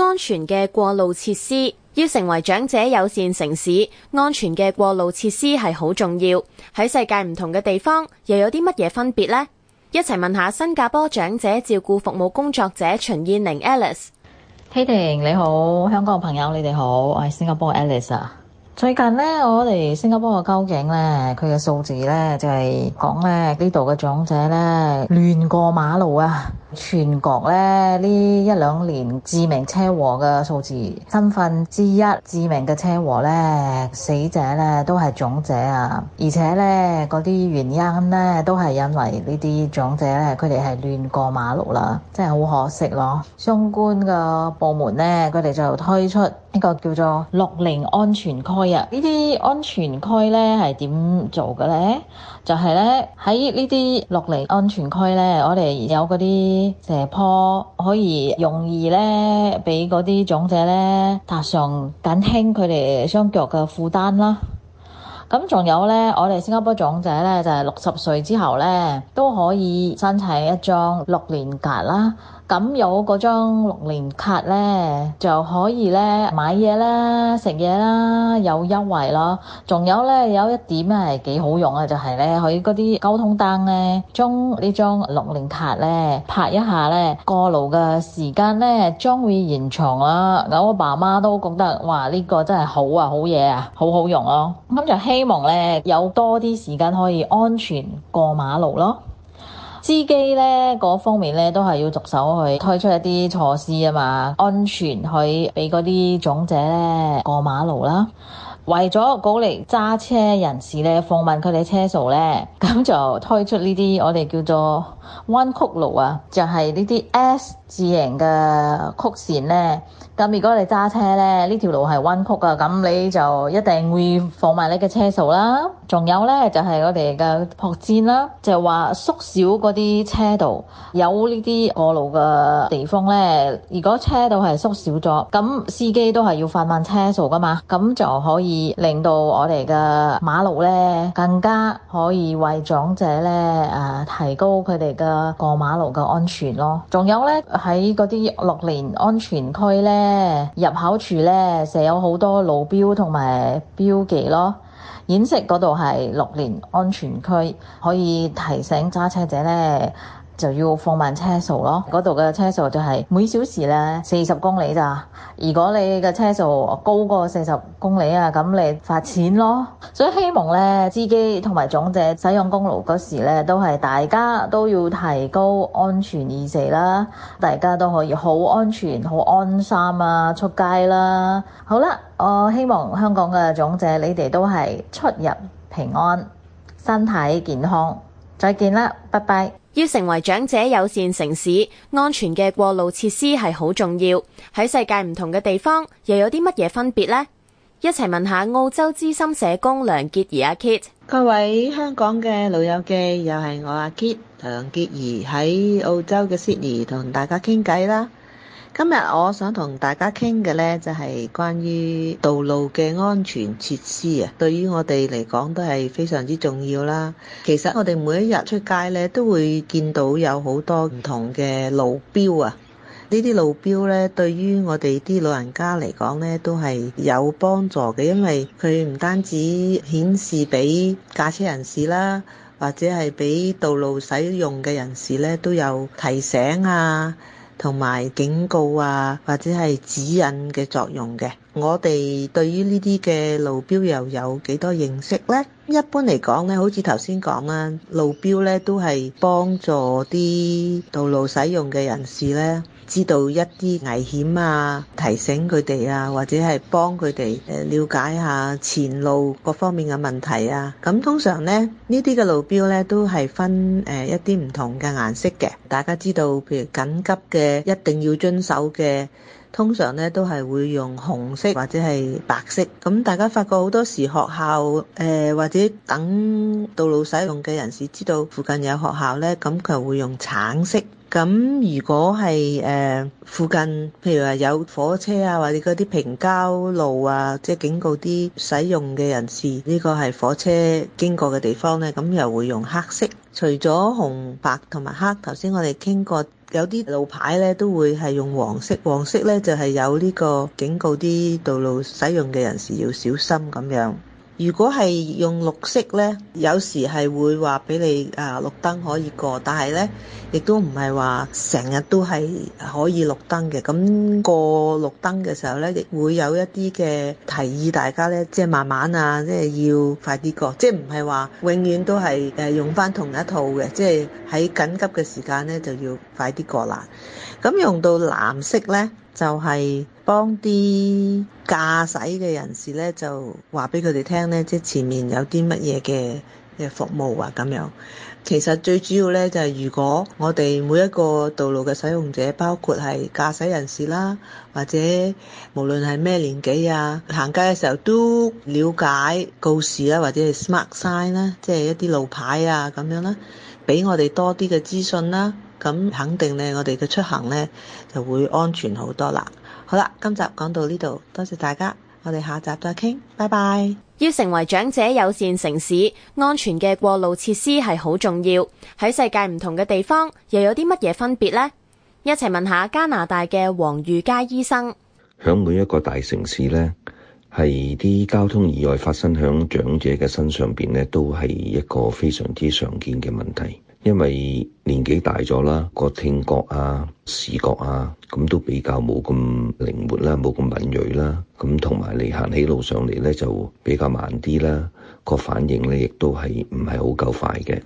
安全嘅過路設施。要成為長者友善城市，安全嘅過路設施係好重要。喺世界唔同嘅地方，又有啲乜嘢分別呢？一齊問下新加坡長者照顧服務工作者秦燕玲 Alice，h、hey、希玲你好，香港嘅朋友你哋好，我係新加坡 Alice 啊。最近呢，我哋新加坡嘅交警呢，佢嘅數字呢，就係講咧呢度嘅長者呢亂過馬路啊。全國呢一兩年致命車禍嘅數字，三分之一致命嘅車禍呢，死者呢都係長者啊！而且呢嗰啲原因呢都係因為呢啲長者呢，佢哋係亂過馬路啦，真係好可惜咯。相關嘅部門呢，佢哋就推出。呢個叫做樂齡安全區啊！呢啲安全區呢係點做嘅呢？就係、是、呢，喺呢啲樂齡安全區呢，我哋有嗰啲斜坡可以容易呢俾嗰啲長者呢踏上，減輕佢哋雙腳嘅負擔啦。咁仲有呢，我哋新加坡長者呢，就係六十歲之後呢，都可以申請一張樂齡咭啦。咁有嗰張六年卡呢，就可以呢買嘢啦、食嘢啦，有優惠咯。仲有呢，有一點係幾好用嘅，就係呢佢嗰啲交通燈呢，將呢張六年卡呢拍一下呢，過路嘅時間呢將會延長啦。我爸媽都覺得哇，呢個真係好啊，好嘢啊，好好用咯。咁就希望呢有多啲時間可以安全過馬路咯。司機咧嗰方面咧都係要着手去推出一啲措施啊嘛，安全去俾嗰啲總者咧過馬路啦。為咗鼓勵揸車人士咧訪問佢哋車數咧，咁就推出呢啲我哋叫做彎曲路啊，就係呢啲 S 字形嘅曲線咧。咁如果你揸車呢，呢條路係彎曲噶，咁你就一定會放慢你嘅車數啦。仲有呢，就係、是、我哋嘅擴展啦，就係話縮小嗰啲車道，有呢啲過路嘅地方呢，如果車道係縮小咗，咁司機都係要放慢車數噶嘛，咁就可以令到我哋嘅馬路呢更加可以為長者呢誒、呃、提高佢哋嘅過馬路嘅安全咯。仲有呢，喺嗰啲六年安全區呢。入口處咧寫有好多路標同埋標記咯，顯示嗰度係六年安全區，可以提醒揸車者咧。就要放慢車速咯，嗰度嘅車速就係每小時咧四十公里咋。如果你嘅車速高過四十公里啊，咁你罰錢咯。所以希望呢，司機同埋總姐使用公路嗰時咧，都係大家都要提高安全意識啦，大家都可以好安全、好安心啊出街啦。好啦，我希望香港嘅總姐，你哋都係出入平安，身體健康。再見啦，拜拜。要成為長者友善城市，安全嘅過路設施係好重要。喺世界唔同嘅地方，又有啲乜嘢分別呢？一齊問下澳洲資深社工梁潔儀阿 Kit。Kate、各位香港嘅老友記，又係我阿 Kit 梁潔儀喺澳洲嘅 Sydney 同大家傾偈啦。今日我想同大家傾嘅呢就係關於道路嘅安全設施啊。對於我哋嚟講，都係非常之重要啦。其實我哋每一日出街呢都會見到有好多唔同嘅路標啊。呢啲路標呢，對於我哋啲老人家嚟講呢都係有幫助嘅，因為佢唔單止顯示俾駕車人士啦，或者係俾道路使用嘅人士呢，都有提醒啊。同埋警告啊，或者係指引嘅作用嘅。我哋對於呢啲嘅路標又有幾多認識呢？一般嚟講咧，好似頭先講啊，路標咧都係幫助啲道路使用嘅人士咧。知道一啲危險啊，提醒佢哋啊，或者係幫佢哋誒了解下前路各方面嘅問題啊。咁通常呢，呢啲嘅路標呢都係分誒一啲唔同嘅顏色嘅，大家知道，譬如緊急嘅，一定要遵守嘅。通常咧都係會用紅色或者係白色。咁大家發覺好多時學校誒、呃、或者等道路使用嘅人士知道附近有學校呢，咁佢會用橙色。咁如果係誒、呃、附近譬如話有火車啊或者嗰啲平交路啊，即係警告啲使用嘅人士呢、呢個係火車經過嘅地方呢，咁又會用黑色。除咗紅白同埋黑，頭先我哋傾過。有啲路牌咧都會係用黃色，黃色咧就係、是、有呢個警告啲道路使用嘅人士要小心咁樣。如果係用綠色呢，有時係會話俾你啊綠燈可以過，但係呢亦都唔係話成日都係可以綠燈嘅。咁過綠燈嘅時候呢，亦會有一啲嘅提議，大家呢即係慢慢啊，即係要快啲過，即係唔係話永遠都係誒用翻同一套嘅。即係喺緊急嘅時間呢，就要快啲過啦。咁用到藍色呢，就係幫啲。駕駛嘅人士咧，就話俾佢哋聽咧，即係前面有啲乜嘢嘅嘅服務啊咁樣。其實最主要咧就係、是、如果我哋每一個道路嘅使用者，包括係駕駛人士啦，或者無論係咩年紀啊，行街嘅時候都了解告示啦、啊，或者係 smart sign 啦、啊，即係一啲路牌啊咁樣啦，俾我哋多啲嘅資訊啦，咁肯定咧我哋嘅出行咧就會安全好多啦。好啦，今集講到呢度，多謝大家，我哋下集再傾，拜拜。要成為長者友善城市，安全嘅過路設施係好重要。喺世界唔同嘅地方，又有啲乜嘢分別呢？一齊問一下加拿大嘅黃裕佳醫生。響每一個大城市呢，係啲交通意外發生響長者嘅身上邊呢，都係一個非常之常見嘅問題。因為年紀大咗啦，個聽覺啊、視覺啊，咁都比較冇咁靈活啦、啊，冇咁敏銳啦、啊。咁同埋你行起路上嚟咧，就比較慢啲啦、啊。個反應咧，亦都係唔係好夠快嘅。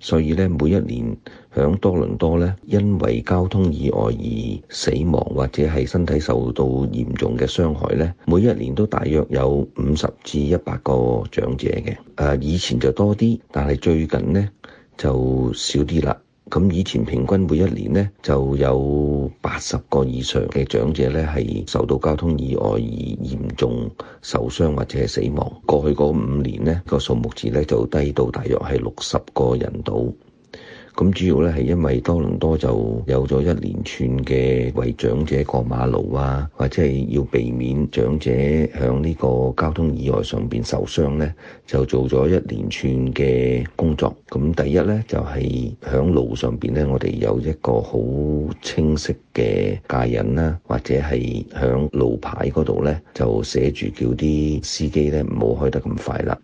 所以咧，每一年響多倫多咧，因為交通意外而死亡或者係身體受到嚴重嘅傷害咧，每一年都大約有五十至一百個長者嘅。誒，以前就多啲，但係最近咧，就少啲啦。咁以前平均每一年呢就有八十個以上嘅長者呢係受到交通意外而嚴重受傷或者係死亡。過去嗰五年呢個數目字呢就低到，大約係六十個人到。咁主要咧係因為多倫多就有咗一連串嘅為長者過馬路啊，或者係要避免長者響呢個交通意外上邊受傷呢，就做咗一連串嘅工作。咁第一呢，就係響路上邊呢，我哋有一個好清晰嘅戒引啦，或者係響路牌嗰度呢，就寫住叫啲司機呢唔好開得咁快啦。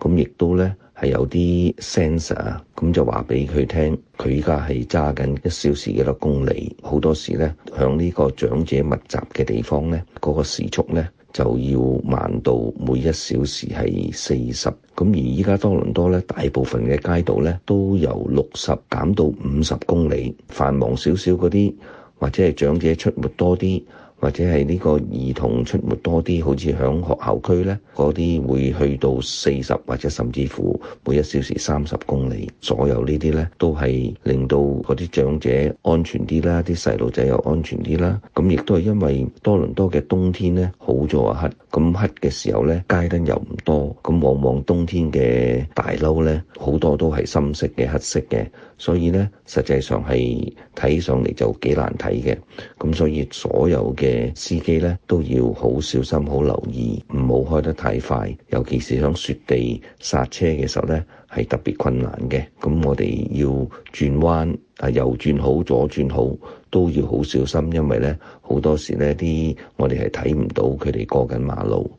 咁亦都呢。係有啲 sensor 啊，咁就話俾佢聽，佢依家係揸緊一小時幾多公里？好多時呢，響呢個長者密集嘅地方呢，嗰個時速呢，就要慢到每一小時係四十。咁而依家多倫多呢，大部分嘅街道呢，都由六十減到五十公里，繁忙少少嗰啲或者係長者出沒多啲。或者係呢個兒童出沒多啲，好似響學校區咧，嗰啲會去到四十或者甚至乎每一小時三十公里左右。呢啲咧都係令到嗰啲長者安全啲啦，啲細路仔又安全啲啦。咁亦都係因為多倫多嘅冬天咧好咗啊，黑，咁黑嘅時候咧街燈又唔多，咁往往冬天嘅大褸咧好多都係深色嘅黑色嘅，所以咧實際上係睇上嚟，就幾難睇嘅。咁所以所有嘅。司機咧都要好小心，好留意，唔好開得太快，尤其是響雪地剎車嘅時候咧，係特別困難嘅。咁我哋要轉彎，啊右轉好，左轉好，都要好小心，因為咧好多時呢啲我哋係睇唔到佢哋過緊馬路，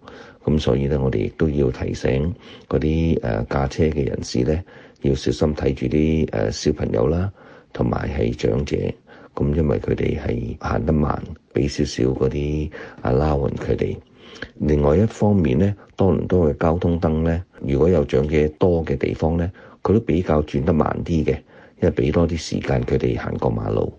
咁所以咧我哋亦都要提醒嗰啲誒駕車嘅人士咧，要小心睇住啲誒小朋友啦，同埋係長者。咁因為佢哋係行得慢，畀少少嗰啲 allowance 佢哋。另外一方面咧，多倫多嘅交通燈咧，如果有撞嘅多嘅地方咧，佢都比較轉得慢啲嘅，因為畀多啲時間佢哋行過馬路。